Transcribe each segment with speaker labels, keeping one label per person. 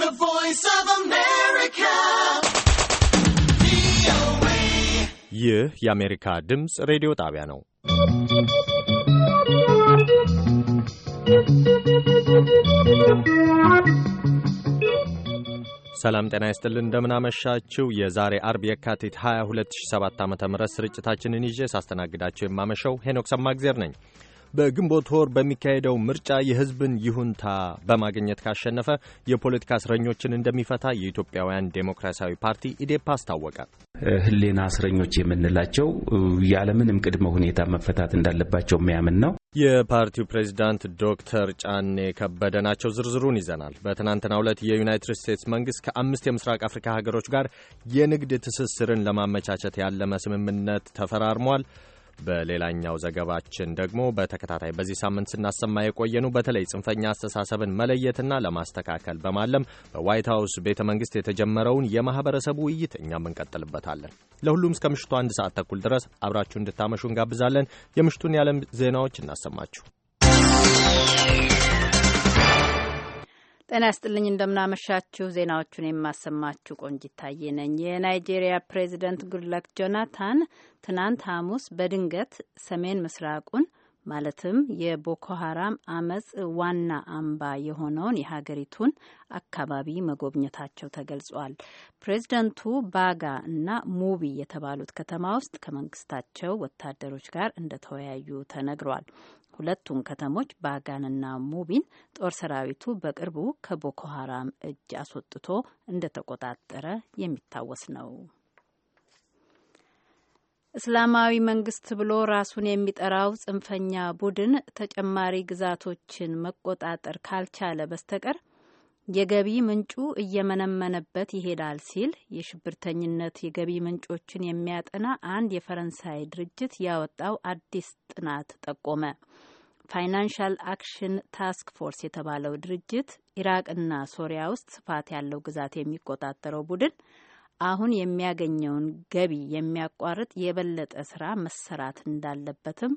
Speaker 1: The Voice of America.
Speaker 2: ይህ የአሜሪካ ድምፅ ሬዲዮ ጣቢያ ነው። ሰላም ጤና ይስጥልን። እንደምናመሻችው የዛሬ አርብ የካቲት 22 2007 ዓ ም ስርጭታችንን ይዤ ሳስተናግዳቸው የማመሸው ሄኖክ ሰማግዜር ነኝ። በግንቦት ወር በሚካሄደው ምርጫ የህዝብን ይሁንታ በማግኘት ካሸነፈ የፖለቲካ እስረኞችን እንደሚፈታ የኢትዮጵያውያን ዴሞክራሲያዊ ፓርቲ ኢዴፓ አስታወቀ።
Speaker 3: ህሌና እስረኞች የምንላቸው ያለምንም ቅድመ ሁኔታ መፈታት እንዳለባቸው የሚያምን ነው።
Speaker 2: የፓርቲው ፕሬዚዳንት ዶክተር ጫኔ ከበደ ናቸው። ዝርዝሩን ይዘናል። በትናንትናው ዕለት የዩናይትድ ስቴትስ መንግስት ከአምስት የምስራቅ አፍሪካ ሀገሮች ጋር የንግድ ትስስርን ለማመቻቸት ያለመ ስምምነት ተፈራርሟል። በሌላኛው ዘገባችን ደግሞ በተከታታይ በዚህ ሳምንት ስናሰማ የቆየኑ በተለይ ጽንፈኛ አስተሳሰብን መለየትና ለማስተካከል በማለም በዋይት ሀውስ ቤተ መንግስት የተጀመረውን የማህበረሰቡ ውይይት እኛም እንቀጥልበታለን። ለሁሉም እስከ ምሽቱ አንድ ሰዓት ተኩል ድረስ አብራችሁ እንድታመሹ እንጋብዛለን። የምሽቱን የዓለም ዜናዎች እናሰማችሁ።
Speaker 4: ጤና ይስጥልኝ እንደምናመሻችሁ። ዜናዎቹን የማሰማችሁ ቆንጂት ታዬ ነኝ። የናይጄሪያ ፕሬዚደንት ጉድለክ ጆናታን ትናንት ሐሙስ በድንገት ሰሜን ምስራቁን ማለትም የቦኮ ሀራም አመጽ ዋና አምባ የሆነውን የሀገሪቱን አካባቢ መጎብኘታቸው ተገልጿል። ፕሬዚደንቱ ባጋ እና ሙቢ የተባሉት ከተማ ውስጥ ከመንግስታቸው ወታደሮች ጋር እንደተወያዩ ተነግሯል። ሁለቱን ከተሞች ባጋንና ሙቢን ጦር ሰራዊቱ በቅርቡ ከቦኮ ሀራም እጅ አስወጥቶ እንደተቆጣጠረ የሚታወስ ነው። እስላማዊ መንግስት ብሎ ራሱን የሚጠራው ጽንፈኛ ቡድን ተጨማሪ ግዛቶችን መቆጣጠር ካልቻለ በስተቀር የገቢ ምንጩ እየመነመነበት ይሄዳል ሲል የሽብርተኝነት የገቢ ምንጮችን የሚያጠና አንድ የፈረንሳይ ድርጅት ያወጣው አዲስ ጥናት ጠቆመ። ፋይናንሻል አክሽን ታስክ ፎርስ የተባለው ድርጅት ኢራቅና ሶሪያ ውስጥ ስፋት ያለው ግዛት የሚቆጣጠረው ቡድን አሁን የሚያገኘውን ገቢ የሚያቋርጥ የበለጠ ስራ መሰራት እንዳለበትም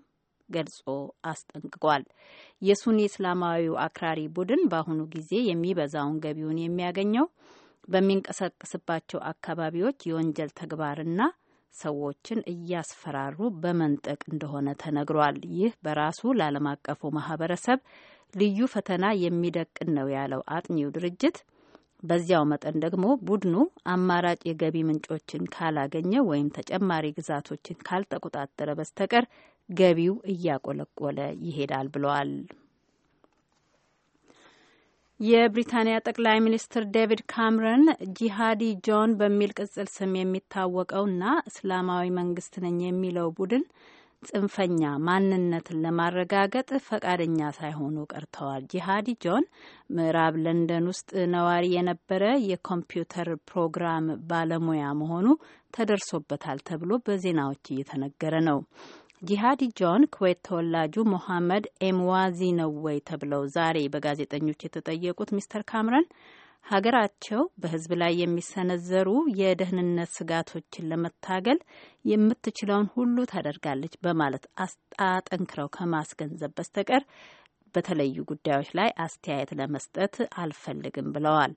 Speaker 4: ገልጾ አስጠንቅቋል። የሱኒ እስላማዊው አክራሪ ቡድን በአሁኑ ጊዜ የሚበዛውን ገቢውን የሚያገኘው በሚንቀሳቀስባቸው አካባቢዎች የወንጀል ተግባርና ሰዎችን እያስፈራሩ በመንጠቅ እንደሆነ ተነግሯል። ይህ በራሱ ለዓለም አቀፉ ማህበረሰብ ልዩ ፈተና የሚደቅን ነው ያለው አጥኚው ድርጅት በዚያው መጠን ደግሞ ቡድኑ አማራጭ የገቢ ምንጮችን ካላገኘ ወይም ተጨማሪ ግዛቶችን ካልተቆጣጠረ በስተቀር ገቢው እያቆለቆለ ይሄዳል ብለዋል። የብሪታንያ ጠቅላይ ሚኒስትር ዴቪድ ካምረን ጂሃዲ ጆን በሚል ቅጽል ስም የሚታወቀውና እስላማዊ መንግስት ነኝ የሚለው ቡድን ጽንፈኛ ማንነትን ለማረጋገጥ ፈቃደኛ ሳይሆኑ ቀርተዋል። ጂሃዲ ጆን ምዕራብ ለንደን ውስጥ ነዋሪ የነበረ የኮምፒውተር ፕሮግራም ባለሙያ መሆኑ ተደርሶበታል ተብሎ በዜናዎች እየተነገረ ነው። ጂሃዲ ጆን ኩዌት ተወላጁ ሞሐመድ ኤምዋዚ ነው ወይ ተብለው ዛሬ በጋዜጠኞች የተጠየቁት ሚስተር ካምረን ሀገራቸው በሕዝብ ላይ የሚሰነዘሩ የደህንነት ስጋቶችን ለመታገል የምትችለውን ሁሉ ታደርጋለች በማለት አጠንክረው ከማስገንዘብ በስተቀር በተለዩ ጉዳዮች ላይ አስተያየት ለመስጠት አልፈልግም ብለዋል።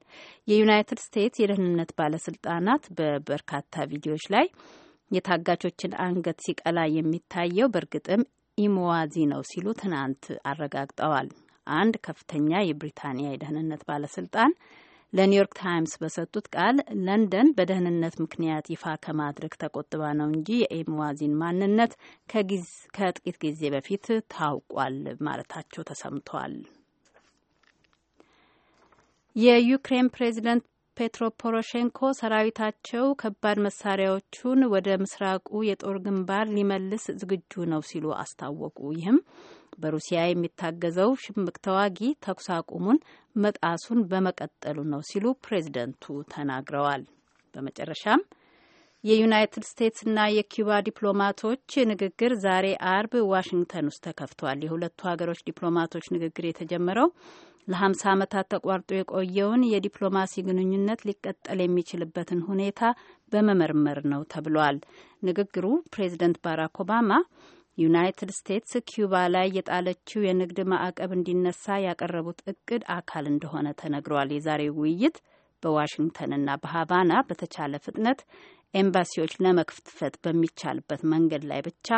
Speaker 4: የዩናይትድ ስቴትስ የደህንነት ባለስልጣናት በበርካታ ቪዲዮዎች ላይ የታጋቾችን አንገት ሲቀላ የሚታየው በእርግጥም ኢሞዋዚ ነው ሲሉ ትናንት አረጋግጠዋል። አንድ ከፍተኛ የብሪታንያ የደህንነት ባለስልጣን ለኒውዮርክ ታይምስ በሰጡት ቃል ለንደን በደህንነት ምክንያት ይፋ ከማድረግ ተቆጥባ ነው እንጂ የኢሞዋዚን ማንነት ከጥቂት ጊዜ በፊት ታውቋል ማለታቸው ተሰምቷል። የዩክሬን ፕሬዚደንት ፔትሮ ፖሮሼንኮ ሰራዊታቸው ከባድ መሳሪያዎቹን ወደ ምስራቁ የጦር ግንባር ሊመልስ ዝግጁ ነው ሲሉ አስታወቁ። ይህም በሩሲያ የሚታገዘው ሽምቅ ተዋጊ ተኩስ አቁሙን መጣሱን በመቀጠሉ ነው ሲሉ ፕሬዝደንቱ ተናግረዋል። በመጨረሻም የዩናይትድ ስቴትስና የኪዩባ ዲፕሎማቶች ንግግር ዛሬ አርብ ዋሽንግተን ውስጥ ተከፍቷል። የሁለቱ ሀገሮች ዲፕሎማቶች ንግግር የተጀመረው ለ50 ዓመታት ተቋርጦ የቆየውን የዲፕሎማሲ ግንኙነት ሊቀጠል የሚችልበትን ሁኔታ በመመርመር ነው ተብሏል። ንግግሩ ፕሬዚደንት ባራክ ኦባማ ዩናይትድ ስቴትስ ኪዩባ ላይ የጣለችው የንግድ ማዕቀብ እንዲነሳ ያቀረቡት እቅድ አካል እንደሆነ ተነግሯል። የዛሬው ውይይት በዋሽንግተንና በሀቫና በተቻለ ፍጥነት ኤምባሲዎች ለመክፈት በሚቻልበት መንገድ ላይ ብቻ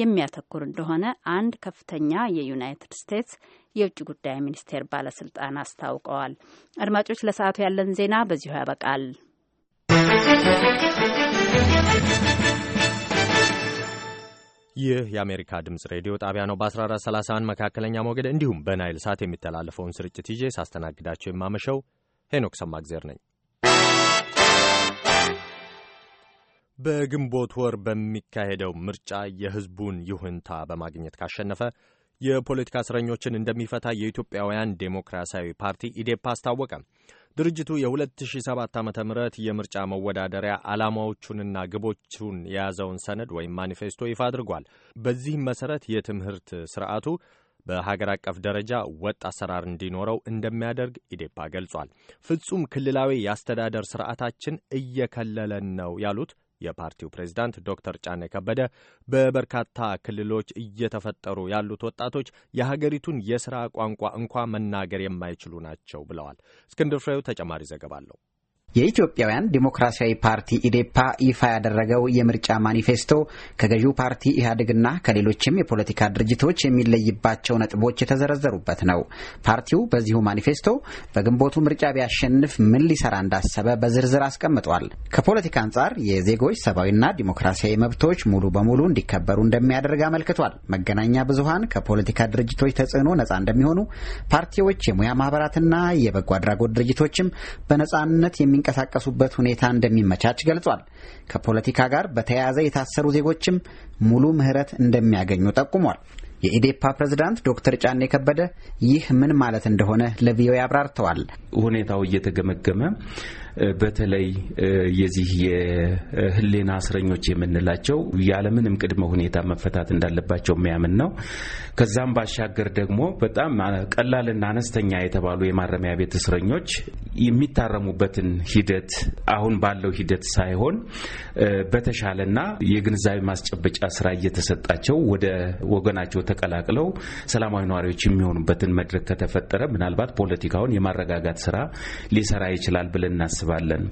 Speaker 4: የሚያተኩር እንደሆነ አንድ ከፍተኛ የዩናይትድ ስቴትስ የውጭ ጉዳይ ሚኒስቴር ባለስልጣን አስታውቀዋል። አድማጮች ለሰዓቱ ያለን ዜና በዚሁ ያበቃል።
Speaker 2: ይህ የአሜሪካ ድምፅ ሬዲዮ ጣቢያ ነው። በ1431 መካከለኛ ሞገድ እንዲሁም በናይል ሳት የሚተላለፈውን ስርጭት ይዤ ሳስተናግዳቸው የማመሸው ሄኖክ ሰማግዜር ነኝ። በግንቦት ወር በሚካሄደው ምርጫ የሕዝቡን ይሁንታ በማግኘት ካሸነፈ የፖለቲካ እስረኞችን እንደሚፈታ የኢትዮጵያውያን ዴሞክራሲያዊ ፓርቲ ኢዴፓ አስታወቀ። ድርጅቱ የ2007 ዓ ም የምርጫ መወዳደሪያ ዓላማዎቹንና ግቦቹን የያዘውን ሰነድ ወይም ማኒፌስቶ ይፋ አድርጓል። በዚህም መሠረት የትምህርት ስርዓቱ በሀገር አቀፍ ደረጃ ወጥ አሰራር እንዲኖረው እንደሚያደርግ ኢዴፓ ገልጿል። ፍጹም ክልላዊ የአስተዳደር ስርዓታችን እየከለለን ነው ያሉት የፓርቲው ፕሬዚዳንት ዶክተር ጫኔ ከበደ በበርካታ ክልሎች እየተፈጠሩ ያሉት ወጣቶች የሀገሪቱን የሥራ ቋንቋ እንኳ መናገር የማይችሉ ናቸው ብለዋል። እስክንድር ፍሬው ተጨማሪ ዘገባ አለው።
Speaker 5: የኢትዮጵያውያን ዲሞክራሲያዊ ፓርቲ ኢዴፓ ይፋ ያደረገው የምርጫ ማኒፌስቶ ከገዢው ፓርቲ ኢህአዴግና ከሌሎችም የፖለቲካ ድርጅቶች የሚለይባቸው ነጥቦች የተዘረዘሩበት ነው። ፓርቲው በዚሁ ማኒፌስቶ በግንቦቱ ምርጫ ቢያሸንፍ ምን ሊሰራ እንዳሰበ በዝርዝር አስቀምጧል። ከፖለቲካ አንጻር የዜጎች ሰብአዊና ዲሞክራሲያዊ መብቶች ሙሉ በሙሉ እንዲከበሩ እንደሚያደርግ አመልክቷል። መገናኛ ብዙሀን ከፖለቲካ ድርጅቶች ተጽዕኖ ነጻ እንደሚሆኑ፣ ፓርቲዎች፣ የሙያ ማህበራትና የበጎ አድራጎት ድርጅቶችም በነጻነት የሚ የሚንቀሳቀሱበት ሁኔታ እንደሚመቻች ገልጿል። ከፖለቲካ ጋር በተያያዘ የታሰሩ ዜጎችም ሙሉ ምህረት እንደሚያገኙ ጠቁሟል። የኢዴፓ ፕሬዝዳንት ዶክተር ጫኔ ከበደ ይህ ምን ማለት እንደሆነ ለቪኦኤ አብራርተዋል።
Speaker 3: ሁኔታው እየተገመገመ በተለይ የዚህ የህሊና እስረኞች የምንላቸው ያለምንም ቅድመ ሁኔታ መፈታት እንዳለባቸው የሚያምን ነው። ከዛም ባሻገር ደግሞ በጣም ቀላልና አነስተኛ የተባሉ የማረሚያ ቤት እስረኞች የሚታረሙበትን ሂደት አሁን ባለው ሂደት ሳይሆን በተሻለና የግንዛቤ ማስጨበጫ ስራ እየተሰጣቸው ወደ ወገናቸው ተቀላቅለው ሰላማዊ ነዋሪዎች የሚሆኑበትን መድረክ ከተፈጠረ ምናልባት ፖለቲካውን የማረጋጋት ስራ ሊሰራ ይችላል ብለን እናስባለን። እናስባለን።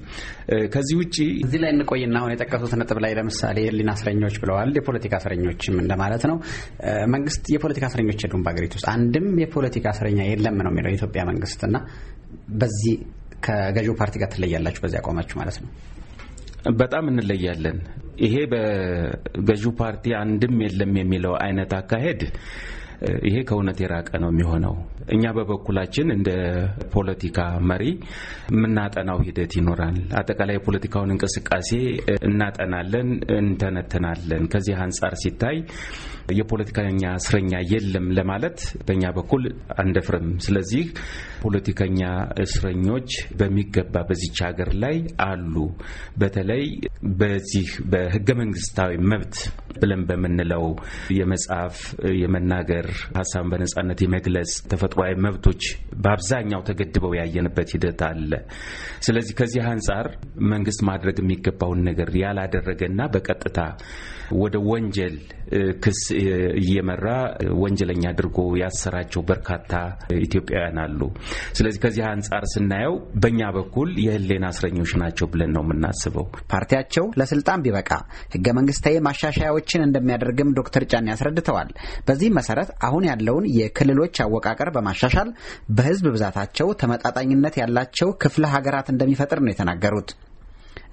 Speaker 5: ከዚህ ውጭ እዚህ ላይ እንቆይና አሁን የጠቀሱት ነጥብ ላይ ለምሳሌ የህሊና እስረኞች ብለዋል። የፖለቲካ እስረኞችም እንደማለት ነው። መንግስት የፖለቲካ እስረኞች የሉም በሀገሪቱ ውስጥ አንድም የፖለቲካ እስረኛ የለም ነው የሚለው የኢትዮጵያ መንግስት እና በዚህ ከገዢው ፓርቲ ጋር ትለያላችሁ በዚህ አቋማችሁ ማለት ነው።
Speaker 3: በጣም እንለያለን። ይሄ በገዢው ፓርቲ አንድም የለም የሚለው አይነት አካሄድ ይሄ ከእውነት የራቀ ነው የሚሆነው። እኛ በበኩላችን እንደ ፖለቲካ መሪ የምናጠናው ሂደት ይኖራል። አጠቃላይ የፖለቲካውን እንቅስቃሴ እናጠናለን፣ እንተነትናለን። ከዚህ አንጻር ሲታይ የፖለቲከኛ እስረኛ የለም ለማለት በእኛ በኩል አንደፍርም። ስለዚህ ፖለቲከኛ እስረኞች በሚገባ በዚች ሀገር ላይ አሉ። በተለይ በዚህ በህገ መንግስታዊ መብት ብለን በምንለው የመጻፍ፣ የመናገር፣ ሀሳብን በነጻነት የመግለጽ ተፈጥሯዊ መብቶች በአብዛኛው ተገድበው ያየንበት ሂደት አለ። ስለዚህ ከዚህ አንጻር መንግስት ማድረግ የሚገባውን ነገር ያላደረገና በቀጥታ ወደ ወንጀል ክስ እየመራ ወንጀለኛ አድርጎ ያሰራቸው በርካታ ኢትዮጵያውያን
Speaker 5: አሉ። ስለዚህ ከዚህ አንጻር ስናየው በእኛ በኩል የህሌን እስረኞች ናቸው ብለን ነው የምናስበው። ፓርቲያቸው ለስልጣን ቢበቃ ህገ መንግስታዊ ማሻሻያዎችን እንደሚያደርግም ዶክተር ጫኔ ያስረድተዋል። በዚህ መሰረት አሁን ያለውን የክልሎች አወቃቀር በማሻሻል በህዝብ ብዛታቸው ተመጣጣኝነት ያላቸው ክፍለ ሀገራት እንደሚፈጥር ነው የተናገሩት።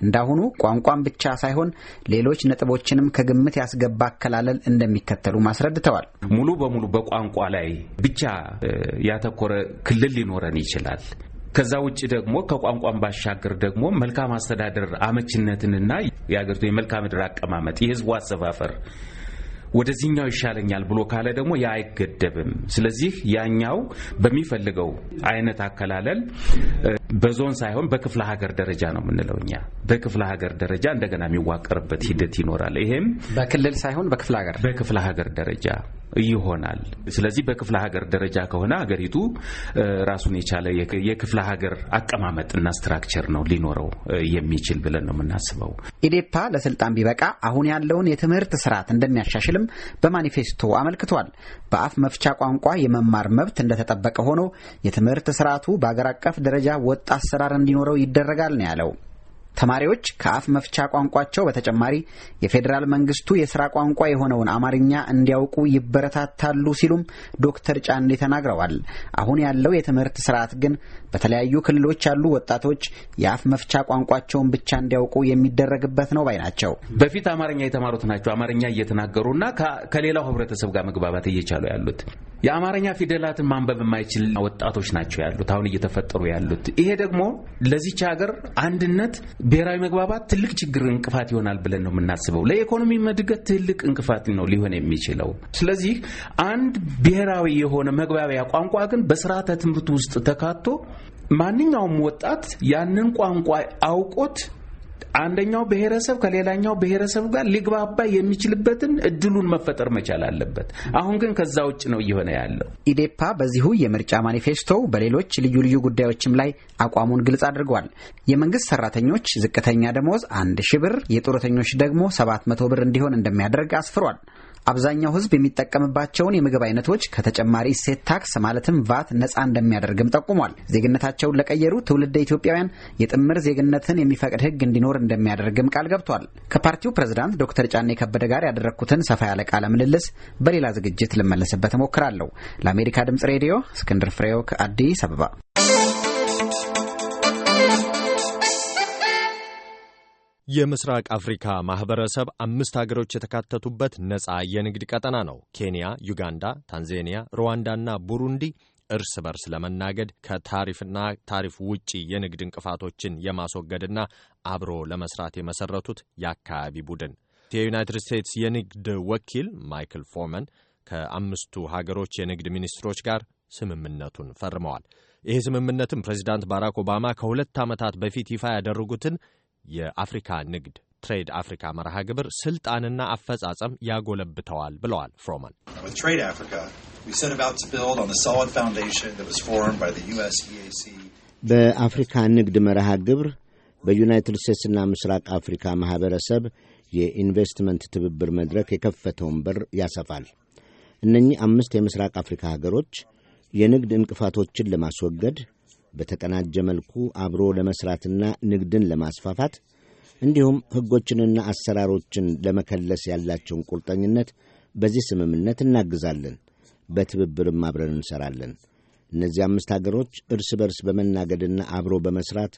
Speaker 5: እንዳሁኑ ቋንቋን ብቻ ሳይሆን ሌሎች ነጥቦችንም ከግምት ያስገባ አከላለል እንደሚከተሉ ማስረድተዋል። ሙሉ
Speaker 3: በሙሉ በቋንቋ ላይ ብቻ ያተኮረ ክልል ሊኖረን ይችላል። ከዛ ውጭ ደግሞ ከቋንቋን ባሻገር ደግሞ መልካም አስተዳደር አመችነትንና የሀገሪቱ የመልካ ምድር አቀማመጥ፣ የህዝቡ አሰፋፈር ወደዚህኛው ይሻለኛል ብሎ ካለ ደግሞ ያ አይገደብም። ስለዚህ ያኛው በሚፈልገው አይነት አከላለል በዞን ሳይሆን በክፍለ ሀገር ደረጃ ነው የምንለው እኛ። በክፍለ ሀገር ደረጃ እንደገና የሚዋቀርበት ሂደት ይኖራል። ይሄም በክልል ሳይሆን በክፍለ ሀገር በክፍለ ሀገር ደረጃ ይሆናል። ስለዚህ በክፍለ ሀገር ደረጃ ከሆነ ሀገሪቱ ራሱን የቻለ የክፍለ ሀገር አቀማመጥና ስትራክቸር ነው ሊኖረው የሚችል ብለን ነው የምናስበው።
Speaker 5: ኢዴፓ ለስልጣን ቢበቃ አሁን ያለውን የትምህርት ስርዓት እንደሚያሻሽልም በማኒፌስቶ አመልክቷል። በአፍ መፍቻ ቋንቋ የመማር መብት እንደተጠበቀ ሆኖ የትምህርት ስርዓቱ በአገር አቀፍ ደረጃ ወጥ ወጥ አሰራር እንዲኖረው ይደረጋል ነው ያለው። ተማሪዎች ከአፍ መፍቻ ቋንቋቸው በተጨማሪ የፌዴራል መንግስቱ የስራ ቋንቋ የሆነውን አማርኛ እንዲያውቁ ይበረታታሉ ሲሉም ዶክተር ጫኔ ተናግረዋል። አሁን ያለው የትምህርት ስርዓት ግን በተለያዩ ክልሎች ያሉ ወጣቶች የአፍ መፍቻ ቋንቋቸውን ብቻ እንዲያውቁ የሚደረግበት ነው ባይ ናቸው።
Speaker 3: በፊት አማርኛ የተማሩት ናቸው አማርኛ እየተናገሩና ከሌላው ህብረተሰብ ጋር መግባባት እየቻሉ ያሉት የአማርኛ ፊደላትን ማንበብ የማይችል ወጣቶች ናቸው ያሉት አሁን እየተፈጠሩ ያሉት። ይሄ ደግሞ ለዚች ሀገር አንድነት፣ ብሔራዊ መግባባት ትልቅ ችግር እንቅፋት ይሆናል ብለን ነው የምናስበው። ለኢኮኖሚ መድገት ትልቅ እንቅፋት ነው ሊሆን የሚችለው። ስለዚህ አንድ ብሔራዊ የሆነ መግባቢያ ቋንቋ ግን በስርዓተ ትምህርት ውስጥ ተካቶ ማንኛውም ወጣት ያንን ቋንቋ አውቆት አንደኛው ብሔረሰብ ከሌላኛው ብሔረሰብ ጋር ሊግባባ የሚችልበትን እድሉን
Speaker 5: መፈጠር መቻል አለበት። አሁን ግን ከዛ ውጭ ነው እየሆነ ያለው። ኢዴፓ በዚሁ የምርጫ ማኒፌስቶው በሌሎች ልዩ ልዩ ጉዳዮችም ላይ አቋሙን ግልጽ አድርጓል። የመንግስት ሰራተኞች ዝቅተኛ ደሞዝ አንድ ሺ ብር፣ የጡረተኞች ደግሞ ሰባት መቶ ብር እንዲሆን እንደሚያደርግ አስፍሯል። አብዛኛው ሕዝብ የሚጠቀምባቸውን የምግብ አይነቶች ከተጨማሪ እሴት ታክስ ማለትም ቫት ነፃ እንደሚያደርግም ጠቁሟል። ዜግነታቸውን ለቀየሩ ትውልደ ኢትዮጵያውያን የጥምር ዜግነትን የሚፈቅድ ሕግ እንዲኖር እንደሚያደርግም ቃል ገብቷል። ከፓርቲው ፕሬዝዳንት ዶክተር ጫኔ ከበደ ጋር ያደረግኩትን ሰፋ ያለ ቃለ ምልልስ በሌላ ዝግጅት ልመለስበት እሞክራለሁ። ለአሜሪካ ድምጽ ሬዲዮ እስክንድር ፍሬው
Speaker 2: ከአዲስ አበባ የምስራቅ አፍሪካ ማህበረሰብ አምስት ሀገሮች የተካተቱበት ነፃ የንግድ ቀጠና ነው። ኬንያ፣ ዩጋንዳ፣ ታንዛኒያ፣ ሩዋንዳና ቡሩንዲ እርስ በርስ ለመናገድ ከታሪፍና ታሪፍ ውጪ የንግድ እንቅፋቶችን የማስወገድና አብሮ ለመስራት የመሰረቱት የአካባቢ ቡድን የዩናይትድ ስቴትስ የንግድ ወኪል ማይክል ፎርመን ከአምስቱ ሀገሮች የንግድ ሚኒስትሮች ጋር ስምምነቱን ፈርመዋል። ይህ ስምምነትም ፕሬዚዳንት ባራክ ኦባማ ከሁለት ዓመታት በፊት ይፋ ያደረጉትን የአፍሪካ ንግድ ትሬድ አፍሪካ መርሃ ግብር ስልጣንና አፈጻጸም ያጎለብተዋል ብለዋል ፍሮማን።
Speaker 1: e
Speaker 6: በአፍሪካ ንግድ መርሃ ግብር በዩናይትድ ስቴትስና ምስራቅ አፍሪካ ማኅበረሰብ የኢንቨስትመንት ትብብር መድረክ የከፈተውን በር ያሰፋል። እነኚህ አምስት የምስራቅ አፍሪካ ሀገሮች የንግድ እንቅፋቶችን ለማስወገድ በተቀናጀ መልኩ አብሮ ለመስራትና ንግድን ለማስፋፋት እንዲሁም ሕጎችንና አሰራሮችን ለመከለስ ያላቸውን ቁርጠኝነት በዚህ ስምምነት እናግዛለን። በትብብርም አብረን እንሰራለን። እነዚህ አምስት አገሮች እርስ በርስ በመናገድና አብሮ በመስራት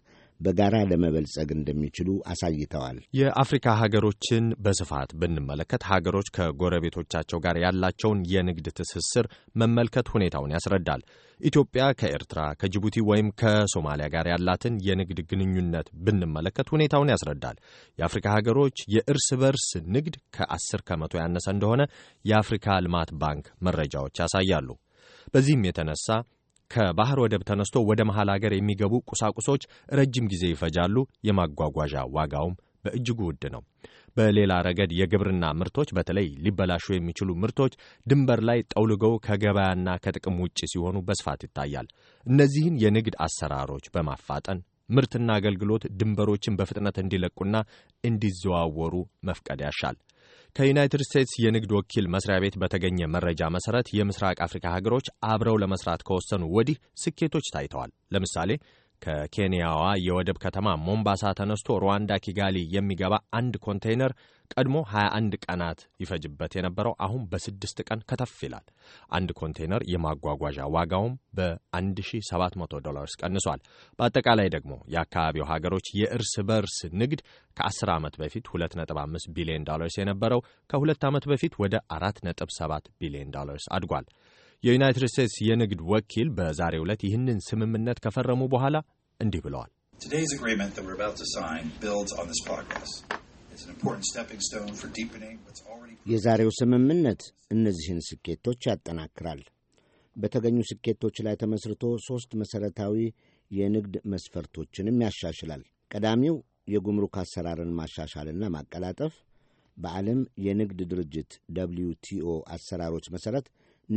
Speaker 6: በጋራ ለመበልጸግ እንደሚችሉ አሳይተዋል።
Speaker 2: የአፍሪካ ሀገሮችን በስፋት ብንመለከት ሀገሮች ከጎረቤቶቻቸው ጋር ያላቸውን የንግድ ትስስር መመልከት ሁኔታውን ያስረዳል። ኢትዮጵያ ከኤርትራ፣ ከጅቡቲ ወይም ከሶማሊያ ጋር ያላትን የንግድ ግንኙነት ብንመለከት ሁኔታውን ያስረዳል። የአፍሪካ ሀገሮች የእርስ በርስ ንግድ ከአስር ከመቶ ያነሰ እንደሆነ የአፍሪካ ልማት ባንክ መረጃዎች ያሳያሉ። በዚህም የተነሳ ከባህር ወደብ ተነስቶ ወደ መሃል አገር የሚገቡ ቁሳቁሶች ረጅም ጊዜ ይፈጃሉ። የማጓጓዣ ዋጋውም በእጅጉ ውድ ነው። በሌላ ረገድ የግብርና ምርቶች በተለይ ሊበላሹ የሚችሉ ምርቶች ድንበር ላይ ጠውልገው ከገበያና ከጥቅም ውጭ ሲሆኑ በስፋት ይታያል። እነዚህን የንግድ አሰራሮች በማፋጠን ምርትና አገልግሎት ድንበሮችን በፍጥነት እንዲለቁና እንዲዘዋወሩ መፍቀድ ያሻል። ከዩናይትድ ስቴትስ የንግድ ወኪል መስሪያ ቤት በተገኘ መረጃ መሰረት የምስራቅ አፍሪካ ሀገሮች አብረው ለመስራት ከወሰኑ ወዲህ ስኬቶች ታይተዋል። ለምሳሌ ከኬንያዋ የወደብ ከተማ ሞምባሳ ተነስቶ ሩዋንዳ ኪጋሊ የሚገባ አንድ ኮንቴይነር ቀድሞ 21 ቀናት ይፈጅበት የነበረው አሁን በስድስት ቀን ከተፍ ይላል። አንድ ኮንቴይነር የማጓጓዣ ዋጋውም በ1700 ዶላርስ ቀንሷል። በአጠቃላይ ደግሞ የአካባቢው ሀገሮች የእርስ በርስ ንግድ ከ10 ዓመት በፊት 2.5 ቢሊዮን ዶላርስ የነበረው ከሁለት ዓመት በፊት ወደ 4.7 ቢሊዮን ዶላርስ አድጓል። የዩናይትድ ስቴትስ የንግድ ወኪል በዛሬው ዕለት ይህንን ስምምነት ከፈረሙ በኋላ እንዲህ ብለዋል። የዛሬው ስምምነት
Speaker 6: እነዚህን ስኬቶች ያጠናክራል። በተገኙ ስኬቶች ላይ ተመስርቶ ሦስት መሠረታዊ የንግድ መስፈርቶችንም ያሻሽላል። ቀዳሚው የጉምሩክ አሰራርን ማሻሻልና ማቀላጠፍ በዓለም የንግድ ድርጅት ደብልዩ ቲኦ አሰራሮች መሠረት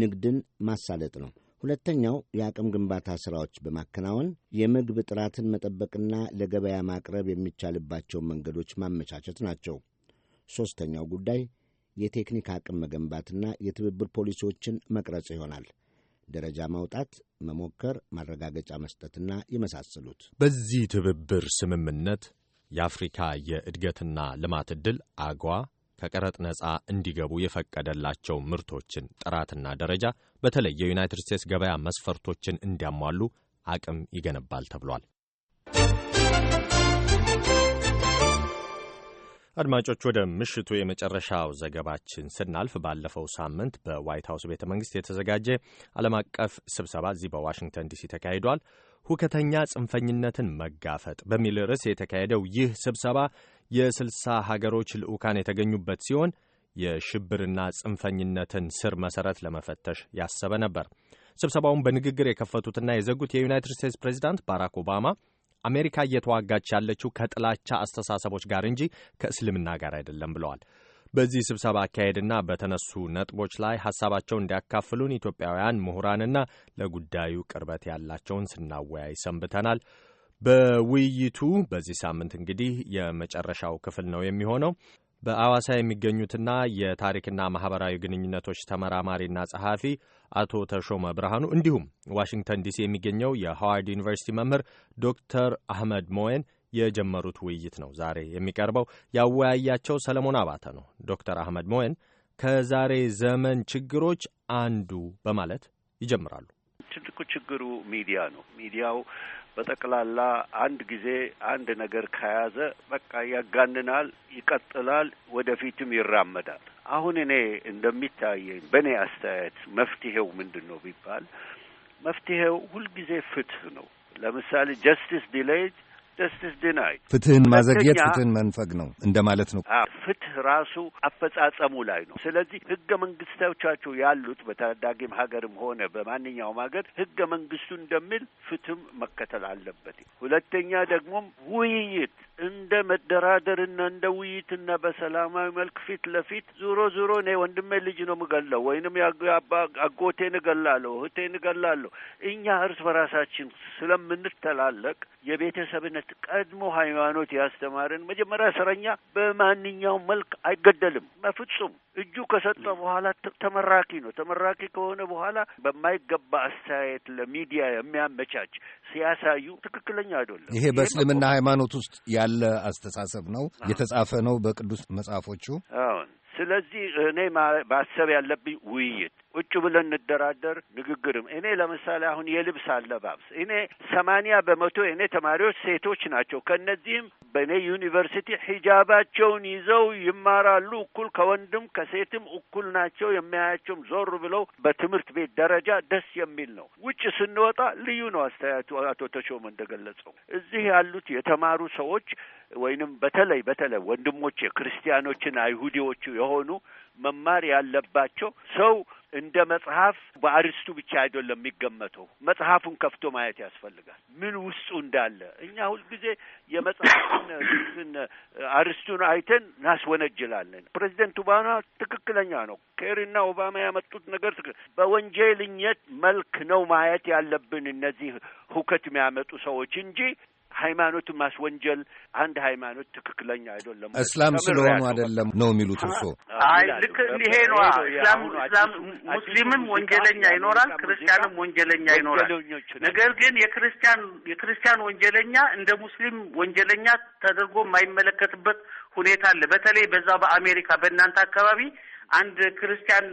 Speaker 6: ንግድን ማሳለጥ ነው። ሁለተኛው የአቅም ግንባታ ሥራዎች በማከናወን የምግብ ጥራትን መጠበቅና ለገበያ ማቅረብ የሚቻልባቸውን መንገዶች ማመቻቸት ናቸው። ሦስተኛው ጉዳይ የቴክኒክ አቅም መገንባትና የትብብር ፖሊሲዎችን መቅረጽ ይሆናል። ደረጃ ማውጣት፣ መሞከር፣
Speaker 2: ማረጋገጫ መስጠትና የመሳሰሉት። በዚህ ትብብር ስምምነት የአፍሪካ የእድገትና ልማት ዕድል አጓ ከቀረጥ ነጻ እንዲገቡ የፈቀደላቸው ምርቶችን ጥራትና ደረጃ በተለይ የዩናይትድ ስቴትስ ገበያ መስፈርቶችን እንዲያሟሉ አቅም ይገነባል ተብሏል። አድማጮች ወደ ምሽቱ የመጨረሻው ዘገባችን ስናልፍ ባለፈው ሳምንት በዋይት ሀውስ ቤተ መንግስት የተዘጋጀ ዓለም አቀፍ ስብሰባ እዚህ በዋሽንግተን ዲሲ ተካሂዷል። ሁከተኛ ጽንፈኝነትን መጋፈጥ በሚል ርዕስ የተካሄደው ይህ ስብሰባ የስልሳ ሀገሮች ልዑካን የተገኙበት ሲሆን የሽብርና ጽንፈኝነትን ስር መሰረት ለመፈተሽ ያሰበ ነበር። ስብሰባውን በንግግር የከፈቱትና የዘጉት የዩናይትድ ስቴትስ ፕሬዚዳንት ባራክ ኦባማ አሜሪካ እየተዋጋች ያለችው ከጥላቻ አስተሳሰቦች ጋር እንጂ ከእስልምና ጋር አይደለም ብለዋል። በዚህ ስብሰባ አካሄድና በተነሱ ነጥቦች ላይ ሀሳባቸውን እንዲያካፍሉን ኢትዮጵያውያን ምሁራንና ለጉዳዩ ቅርበት ያላቸውን ስናወያይ ሰንብተናል። በውይይቱ በዚህ ሳምንት እንግዲህ የመጨረሻው ክፍል ነው የሚሆነው። በአዋሳ የሚገኙትና የታሪክና ማህበራዊ ግንኙነቶች ተመራማሪና ጸሐፊ አቶ ተሾመ ብርሃኑ እንዲሁም ዋሽንግተን ዲሲ የሚገኘው የሃዋርድ ዩኒቨርሲቲ መምህር ዶክተር አህመድ ሞዌን የጀመሩት ውይይት ነው ዛሬ የሚቀርበው። ያወያያቸው ሰለሞን አባተ ነው። ዶክተር አህመድ ሞዌን ከዛሬ ዘመን ችግሮች አንዱ በማለት ይጀምራሉ።
Speaker 7: ትልቁ ችግሩ ሚዲያ ነው። ሚዲያው በጠቅላላ አንድ ጊዜ አንድ ነገር ከያዘ በቃ ያጋንናል፣ ይቀጥላል፣ ወደፊትም ይራመዳል። አሁን እኔ እንደሚታየኝ በእኔ አስተያየት መፍትሄው ምንድን ነው ቢባል መፍትሄው ሁልጊዜ ፍትህ ነው። ለምሳሌ ጀስቲስ ዲሌይድ ደስትስ ድናይ ፍትህን ማዘግየት ፍትህን
Speaker 3: መንፈግ ነው ማለት ነው።
Speaker 7: ፍትህ ራሱ አፈጻጸሙ ላይ ነው። ስለዚህ ህገ መንግስቶቻቸው ያሉት በታዳጊም ሀገርም ሆነ በማንኛውም ሀገር ህገ መንግስቱ እንደሚል ፍትህም መከተል አለበት። ሁለተኛ ደግሞም ውይይት እንደ መደራደርና እንደ ውይይትና በሰላማዊ መልክ ፊት ለፊት ዞሮ ዞሮ እኔ ወንድሜ ልጅ ነው ምገለው ወይንም አጎቴን እገላለሁ፣ እህቴን እገላለሁ። እኛ እርስ በራሳችን ስለምንተላለቅ የቤተሰብነት ቀድሞ ሃይማኖት ያስተማረን መጀመሪያ እስረኛ በማንኛውም መልክ አይገደልም በፍጹም እጁ ከሰጠ በኋላ ተመራኪ ነው። ተመራኪ ከሆነ በኋላ በማይገባ አስተያየት ለሚዲያ የሚያመቻች ሲያሳዩ ትክክለኛ አይደለም። ይሄ በእስልምና
Speaker 3: ሃይማኖት ውስጥ ያለ አስተሳሰብ ነው፣ የተጻፈ ነው በቅዱስ መጽሐፎቹ
Speaker 7: አሁን ስለዚህ እኔ ማሰብ ያለብኝ ውይይት ቁጭ ብለን እንደራደር፣ ንግግርም። እኔ ለምሳሌ አሁን የልብስ አለባብስ እኔ ሰማንያ በመቶ የእኔ ተማሪዎች ሴቶች ናቸው። ከእነዚህም በእኔ ዩኒቨርሲቲ ሂጃባቸውን ይዘው ይማራሉ። እኩል ከወንድም ከሴትም እኩል ናቸው። የሚያያቸውም ዞር ብለው በትምህርት ቤት ደረጃ ደስ የሚል ነው። ውጭ ስንወጣ ልዩ ነው አስተያየቱ። አቶ ተሾመ እንደገለጸው እዚህ ያሉት የተማሩ ሰዎች ወይንም በተለይ በተለይ ወንድሞቼ ክርስቲያኖችን አይሁዲዎቹ የሆኑ መማር ያለባቸው ሰው እንደ መጽሐፍ በአርስቱ ብቻ አይደለም የሚገመተው። መጽሐፉን ከፍቶ ማየት ያስፈልጋል፣ ምን ውስጡ እንዳለ። እኛ ሁልጊዜ የመጽሐፍን አርስቱን አይተን እናስወነጅላለን። ፕሬዚደንት ኦባማ ትክክለኛ ነው። ኬሪና ኦባማ ያመጡት ነገር በወንጀልኝነት መልክ ነው ማየት ያለብን እነዚህ ሁከት የሚያመጡ ሰዎች እንጂ ሃይማኖትን ማስወንጀል አንድ ሃይማኖት
Speaker 8: ትክክለኛ አይደለም፣
Speaker 7: እስላም ስለሆኑ
Speaker 3: አይደለም ነው የሚሉት እርሶ?
Speaker 8: አይ ልክ ይሄ ነው። እስላም እስላም ሙስሊምም ወንጀለኛ ይኖራል፣ ክርስቲያንም ወንጀለኛ ይኖራል። ነገር ግን የክርስቲያን የክርስቲያን ወንጀለኛ እንደ ሙስሊም ወንጀለኛ ተደርጎ የማይመለከትበት ሁኔታ አለ። በተለይ በዛ በአሜሪካ በእናንተ አካባቢ አንድ ክርስቲያን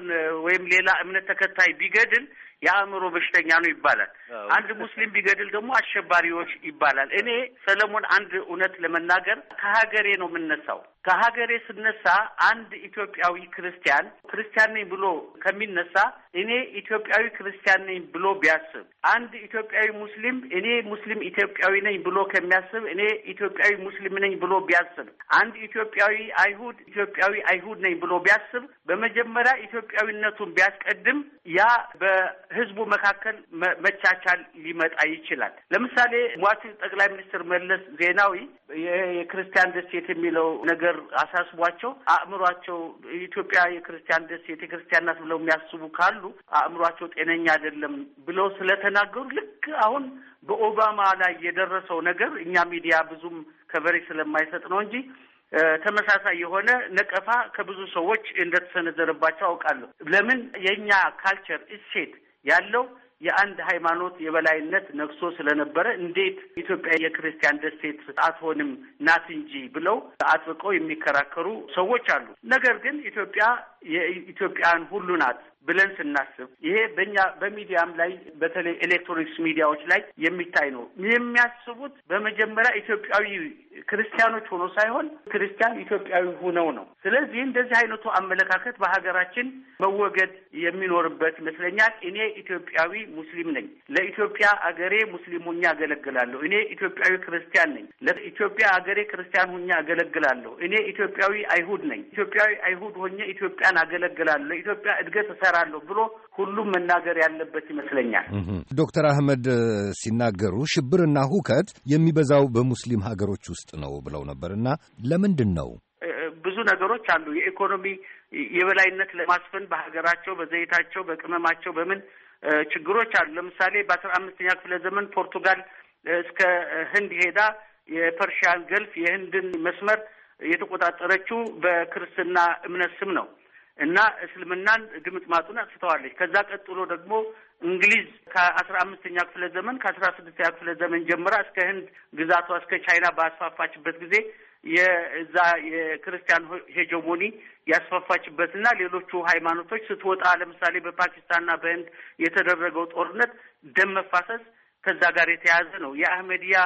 Speaker 8: ወይም ሌላ እምነት ተከታይ ቢገድል የአእምሮ በሽተኛ ነው ይባላል። አንድ ሙስሊም ቢገድል ደግሞ አሸባሪዎች ይባላል። እኔ ሰለሞን፣ አንድ እውነት ለመናገር ከሀገሬ ነው የምነሳው። ከሀገሬ ስነሳ አንድ ኢትዮጵያዊ ክርስቲያን ክርስቲያን ነኝ ብሎ ከሚነሳ እኔ ኢትዮጵያዊ ክርስቲያን ነኝ ብሎ ቢያስብ፣ አንድ ኢትዮጵያዊ ሙስሊም እኔ ሙስሊም ኢትዮጵያዊ ነኝ ብሎ ከሚያስብ እኔ ኢትዮጵያዊ ሙስሊም ነኝ ብሎ ቢያስብ፣ አንድ ኢትዮጵያዊ አይሁድ ኢትዮጵያዊ አይሁድ ነኝ ብሎ ቢያስብ፣ በመጀመሪያ ኢትዮጵያዊነቱን ቢያስቀድም ያ በ ህዝቡ መካከል መቻቻል ሊመጣ ይችላል። ለምሳሌ ሟቹ ጠቅላይ ሚኒስትር መለስ ዜናዊ የክርስቲያን ደሴት የሚለው ነገር አሳስቧቸው አእምሯቸው ኢትዮጵያ የክርስቲያን ደሴት የክርስቲያን ናት ብለው የሚያስቡ ካሉ አእምሯቸው ጤነኛ አይደለም ብለው ስለተናገሩ ልክ አሁን በኦባማ ላይ የደረሰው ነገር እኛ ሚዲያ ብዙም ከበሬ ስለማይሰጥ ነው እንጂ ተመሳሳይ የሆነ ነቀፋ ከብዙ ሰዎች እንደተሰነዘረባቸው አውቃለሁ። ለምን የእኛ ካልቸር እሴት ያለው የአንድ ሃይማኖት የበላይነት ነግሶ ስለነበረ እንዴት ኢትዮጵያ የክርስቲያን ደሴት አትሆንም ናት እንጂ ብለው አጥብቀው የሚከራከሩ ሰዎች አሉ። ነገር ግን ኢትዮጵያ የኢትዮጵያን ሁሉ ናት። ብለን ስናስብ ይሄ በእኛ በሚዲያም ላይ በተለይ ኤሌክትሮኒክስ ሚዲያዎች ላይ የሚታይ ነው። የሚያስቡት በመጀመሪያ ኢትዮጵያዊ ክርስቲያኖች ሆኖ ሳይሆን ክርስቲያን ኢትዮጵያዊ ሆነው ነው። ስለዚህ እንደዚህ አይነቱ አመለካከት በሀገራችን መወገድ የሚኖርበት ይመስለኛል። እኔ ኢትዮጵያዊ ሙስሊም ነኝ። ለኢትዮጵያ አገሬ ሙስሊም ሆኜ አገለግላለሁ። እኔ ኢትዮጵያዊ ክርስቲያን ነኝ። ለኢትዮጵያ አገሬ ክርስቲያን ሆኜ አገለግላለሁ። እኔ ኢትዮጵያዊ አይሁድ ነኝ። ኢትዮጵያዊ አይሁድ ሆኜ ኢትዮጵያን አገለግላለሁ። ለኢትዮጵያ እድገት እሰራ እሰራለሁ ብሎ ሁሉም መናገር ያለበት ይመስለኛል።
Speaker 3: ዶክተር አህመድ ሲናገሩ ሽብርና ሁከት የሚበዛው በሙስሊም ሀገሮች ውስጥ ነው ብለው ነበር እና
Speaker 7: ለምንድን ነው?
Speaker 8: ብዙ ነገሮች አሉ። የኢኮኖሚ የበላይነት ለማስፈን በሀገራቸው፣ በዘይታቸው፣ በቅመማቸው በምን ችግሮች አሉ። ለምሳሌ በአስራ አምስተኛ ክፍለ ዘመን ፖርቱጋል እስከ ህንድ ሄዳ የፐርሺያን ገልፍ የህንድን መስመር የተቆጣጠረችው በክርስትና እምነት ስም ነው። እና እስልምናን ግምት ማጡን አስተዋለች። ከዛ ቀጥሎ ደግሞ እንግሊዝ ከአስራ አምስተኛ ክፍለ ዘመን ከአስራ ስድስተኛ ክፍለ ዘመን ጀምራ እስከ ህንድ ግዛቷ እስከ ቻይና ባስፋፋችበት ጊዜ የዛ የክርስቲያን ሄጀሞኒ ያስፋፋችበትና ሌሎቹ ሃይማኖቶች ስትወጣ ለምሳሌ በፓኪስታንና በህንድ የተደረገው ጦርነት ደም መፋሰስ ከዛ ጋር የተያያዘ ነው። የአህመድያ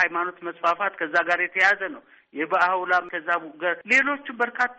Speaker 8: ሃይማኖት መስፋፋት ከዛ ጋር የተያያዘ ነው። የባአውላም ከዛ ጋር ሌሎቹ በርካታ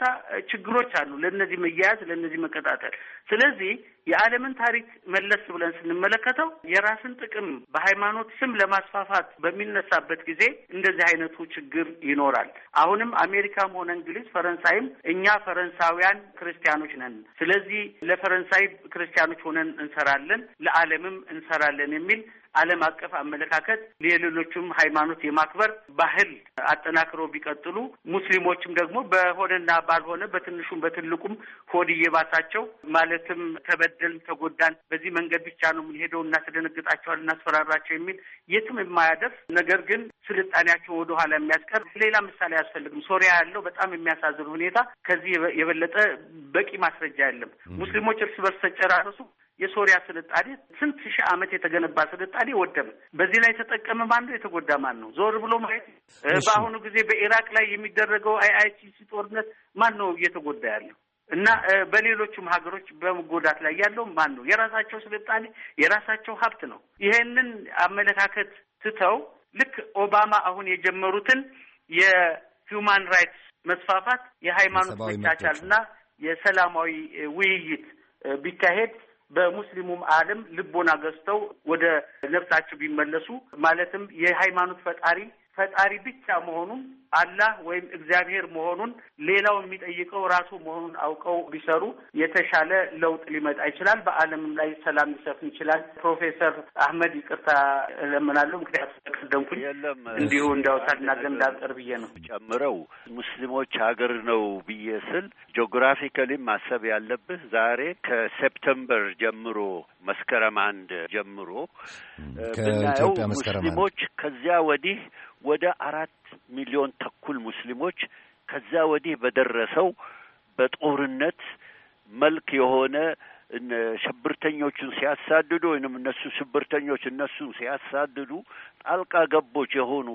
Speaker 8: ችግሮች አሉ። ለእነዚህ መያያዝ፣ ለእነዚህ መቀጣጠል። ስለዚህ የዓለምን ታሪክ መለስ ብለን ስንመለከተው የራስን ጥቅም በሃይማኖት ስም ለማስፋፋት በሚነሳበት ጊዜ እንደዚህ አይነቱ ችግር ይኖራል። አሁንም አሜሪካም ሆነ እንግሊዝ፣ ፈረንሳይም እኛ ፈረንሳውያን ክርስቲያኖች ነን፣ ስለዚህ ለፈረንሳይ ክርስቲያኖች ሆነን እንሰራለን፣ ለዓለምም እንሰራለን የሚል ዓለም አቀፍ አመለካከት የሌሎቹም ሃይማኖት የማክበር ባህል አጠናክሮ ቢቀጥሉ ሙስሊሞችም ደግሞ በሆነና ባልሆነ በትንሹም በትልቁም ሆድ እየባሳቸው ማለትም ተበደልን፣ ተጎዳን፣ በዚህ መንገድ ብቻ ነው የምንሄደው፣ እናስደነግጣቸዋል፣ እናስፈራራቸው የሚል የትም የማያደርስ ነገር ግን ስልጣኔያቸውን ወደ ኋላ የሚያስቀር ሌላ ምሳሌ አያስፈልግም። ሶሪያ ያለው በጣም የሚያሳዝን ሁኔታ ከዚህ የበለጠ በቂ ማስረጃ የለም። ሙስሊሞች እርስ በርስ ተጨራረሱ። የሶሪያ ስልጣኔ ስንት ሺህ ዓመት የተገነባ ስልጣኔ ወደመ። በዚህ ላይ ተጠቀመ ማን ነው? የተጎዳ ማን ነው? ዞር ብሎ ማየት። በአሁኑ ጊዜ በኢራቅ ላይ የሚደረገው አይአይሲሲ ጦርነት ማን ነው እየተጎዳ ያለው? እና በሌሎቹም ሀገሮች በመጎዳት ላይ ያለው ማን ነው? የራሳቸው ስልጣኔ የራሳቸው ሀብት ነው። ይሄንን አመለካከት ትተው ልክ ኦባማ አሁን የጀመሩትን የሂውማን ራይትስ መስፋፋት፣ የሃይማኖት መቻቻል እና የሰላማዊ ውይይት ቢካሄድ በሙስሊሙም ዓለም ልቦና ገዝተው ወደ ነፍሳቸው ቢመለሱ ማለትም የሃይማኖት ፈጣሪ ፈጣሪ ብቻ መሆኑን አላህ ወይም እግዚአብሔር መሆኑን ሌላው የሚጠይቀው ራሱ መሆኑን አውቀው ቢሰሩ የተሻለ ለውጥ ሊመጣ ይችላል። በዓለምም ላይ ሰላም ሊሰፍን ይችላል። ፕሮፌሰር አህመድ ይቅርታ እለምናለሁ፣ ምክንያቱ ተቀደምኩኝ። የለም እንዲሁ እንዳወሳድ ናገር እንዳልቀር ብዬ ነው። ጨምረው
Speaker 7: ሙስሊሞች ሀገር ነው ብዬ ስል ጂኦግራፊካሊ ማሰብ ያለብህ ዛሬ ከሴፕተምበር ጀምሮ መስከረም አንድ ጀምሮ ብናየው ሙስሊሞች ከዚያ ወዲህ ወደ አራት ሚሊዮን ተኩል ሙስሊሞች ከዛ ወዲህ በደረሰው በጦርነት መልክ የሆነ ሽብርተኞቹን ሲያሳድዱ ወይንም እነሱ ሽብርተኞች እነሱን ሲያሳድዱ ጣልቃ ገቦች የሆኑ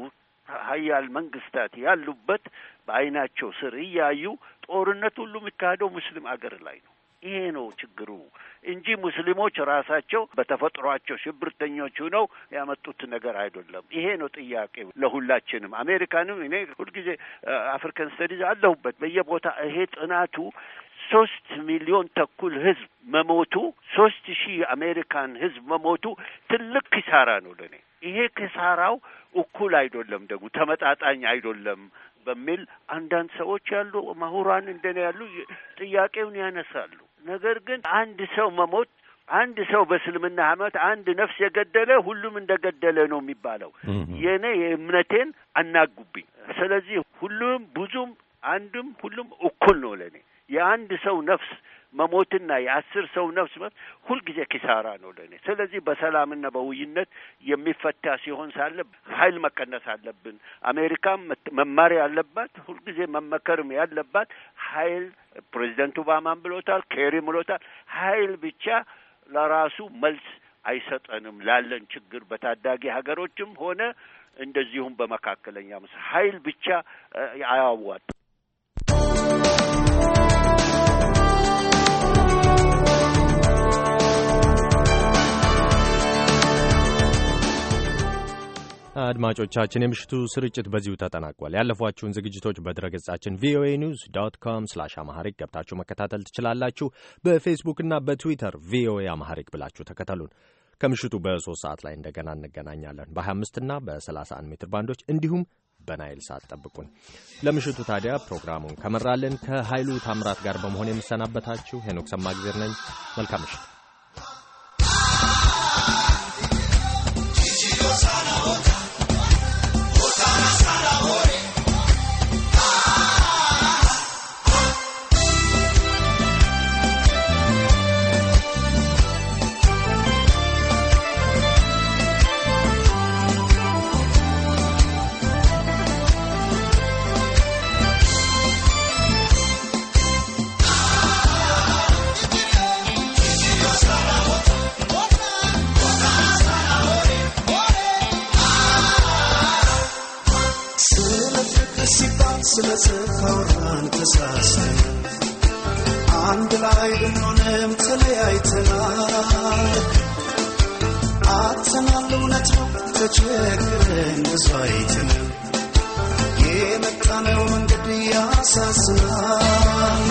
Speaker 7: ሀያል መንግስታት ያሉበት በአይናቸው ስር እያዩ ጦርነት ሁሉ የሚካሄደው ሙስሊም አገር ላይ ነው። ይሄ ነው ችግሩ እንጂ ሙስሊሞች ራሳቸው በተፈጥሯቸው ሽብርተኞች ሆነው ያመጡት ነገር አይደለም። ይሄ ነው ጥያቄው ለሁላችንም። አሜሪካንም እኔ ሁልጊዜ አፍሪካን ስተዲዝ አለሁበት በየቦታ ይሄ ጥናቱ ሶስት ሚሊዮን ተኩል ህዝብ መሞቱ ሶስት ሺህ አሜሪካን ህዝብ መሞቱ ትልቅ ኪሳራ ነው ለእኔ። ይሄ ኪሳራው እኩል አይደለም፣ ደግሞ ተመጣጣኝ አይደለም በሚል አንዳንድ ሰዎች ያሉ ምሁራን እንደኔ ያሉ ጥያቄውን ያነሳሉ። ነገር ግን አንድ ሰው መሞት አንድ ሰው በእስልምና አመት አንድ ነፍስ የገደለ ሁሉም እንደገደለ ነው የሚባለው። የእኔ የእምነቴን አናጉብኝ። ስለዚህ ሁሉም ብዙም አንድም ሁሉም እኩል ነው ለእኔ የአንድ ሰው ነፍስ መሞትና የአስር ሰው ነፍስ መብት ሁልጊዜ ኪሳራ ነው ለእኔ። ስለዚህ በሰላምና በውይነት የሚፈታ ሲሆን ሳለ ኃይል መቀነስ አለብን። አሜሪካም መማር ያለባት ሁልጊዜ መመከርም ያለባት ኃይል ፕሬዚደንት ኦባማን ብሎታል፣ ኬሪም ብሎታል። ኃይል ብቻ ለራሱ መልስ አይሰጠንም ላለን ችግር በታዳጊ ሀገሮችም ሆነ እንደዚሁም በመካከለኛ ምስ ኃይል ብቻ አያዋጥ
Speaker 2: አድማጮቻችን የምሽቱ ስርጭት በዚሁ ተጠናቋል። ያለፏችሁን ዝግጅቶች በድረገጻችን ቪኦኤ ኒውስ ዶት ኮም ስላሽ አማሐሪክ ገብታችሁ መከታተል ትችላላችሁ። በፌስቡክና በትዊተር ቪኦኤ አማሐሪክ ብላችሁ ተከተሉን። ከምሽቱ በሶስት ሰዓት ላይ እንደገና እንገናኛለን። በ25 እና በ31 ሜትር ባንዶች እንዲሁም በናይል ሳት ጠብቁን። ለምሽቱ ታዲያ ፕሮግራሙን ከመራልን ከኃይሉ ታምራት ጋር በመሆን የምሰናበታችሁ ሄኖክ ሰማግዜር ነኝ። መልካም ምሽት።
Speaker 1: ስለ ስካውራን ተሳስተን አንድ ላይ ብንሆንም ተለያይተናል። አጥተናል እውነት ነው ተቸግረን ብዙ የመጣነው መንገድ ያሳዝናል።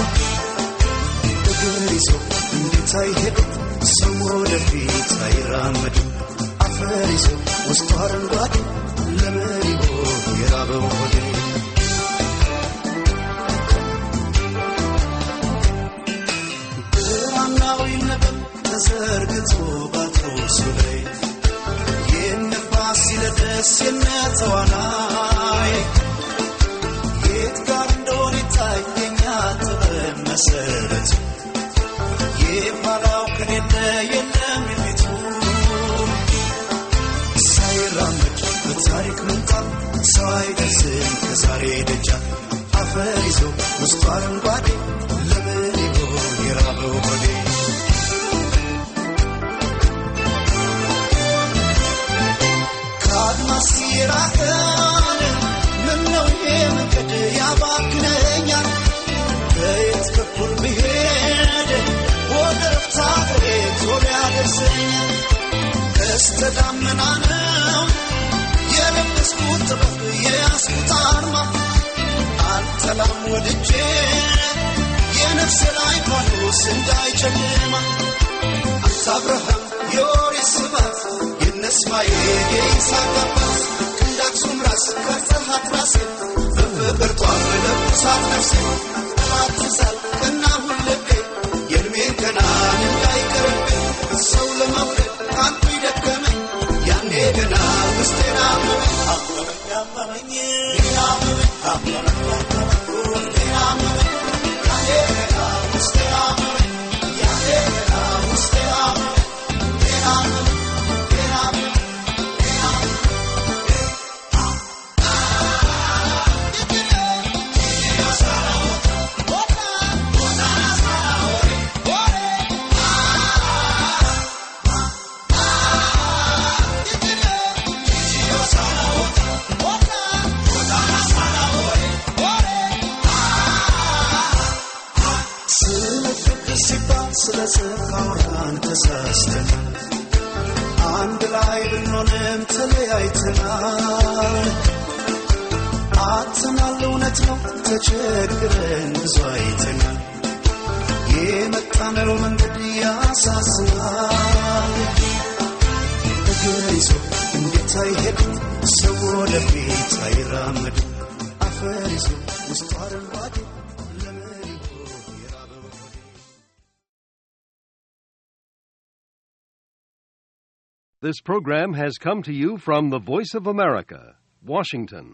Speaker 1: እግር ይዞ እንዴት አይሄድም ሰው ወደፊት አይራመድም። አፈር ይዞ ውስጡ አረንጓዴ ለምን የራበው ተዘርግቶ ባትሮሱ ላይ የነፋስ ሲለደስ የሚያተዋናይ የት ጋር እንደሆነ ይታየኛል ጥበብ መሰረት የባላው ከሌለ የለም ሊቱ ሳይራመድ በታሪክ ምንጣፍ ሰው አይደርስም ከዛሬ ደጃ አፈር ይዞ ውስጡ አረንጓዴ ለምን ይሆን የራበው ሆዴ ሲራቀን ምነው ይሄ መንገድ ያባክነኛል በየት በኩል ብሄድ ወደ ረፍታ ቶሎ ያደርሰኛል ቀስተ ደመና ነው የለበስኩት ጥበብ የያዝኩት አርማ አልተላም ወድጄ የነፍስ ላይ ኳኖስ እንዳይጨልማ አብርሃም ዮሪስ ስባት ይስማኤል የኢሳ ገባስ እንዳክሱም ራስ ከፍርሃት ራሴ በፍቅርቷ በለቁሳት ነፍሴ ተማትሳል እና እውነት ነው ተቸግረን ብዙ አይተናል። የመጣነው መንገድ ያሳስባል። እግር ይዞ እንዴት አይሄድም ሰው ወደፊት አይራመድም። አፈር ይዞ ውስጡ አረንጓዴ This program has come to you from the Voice of America, Washington.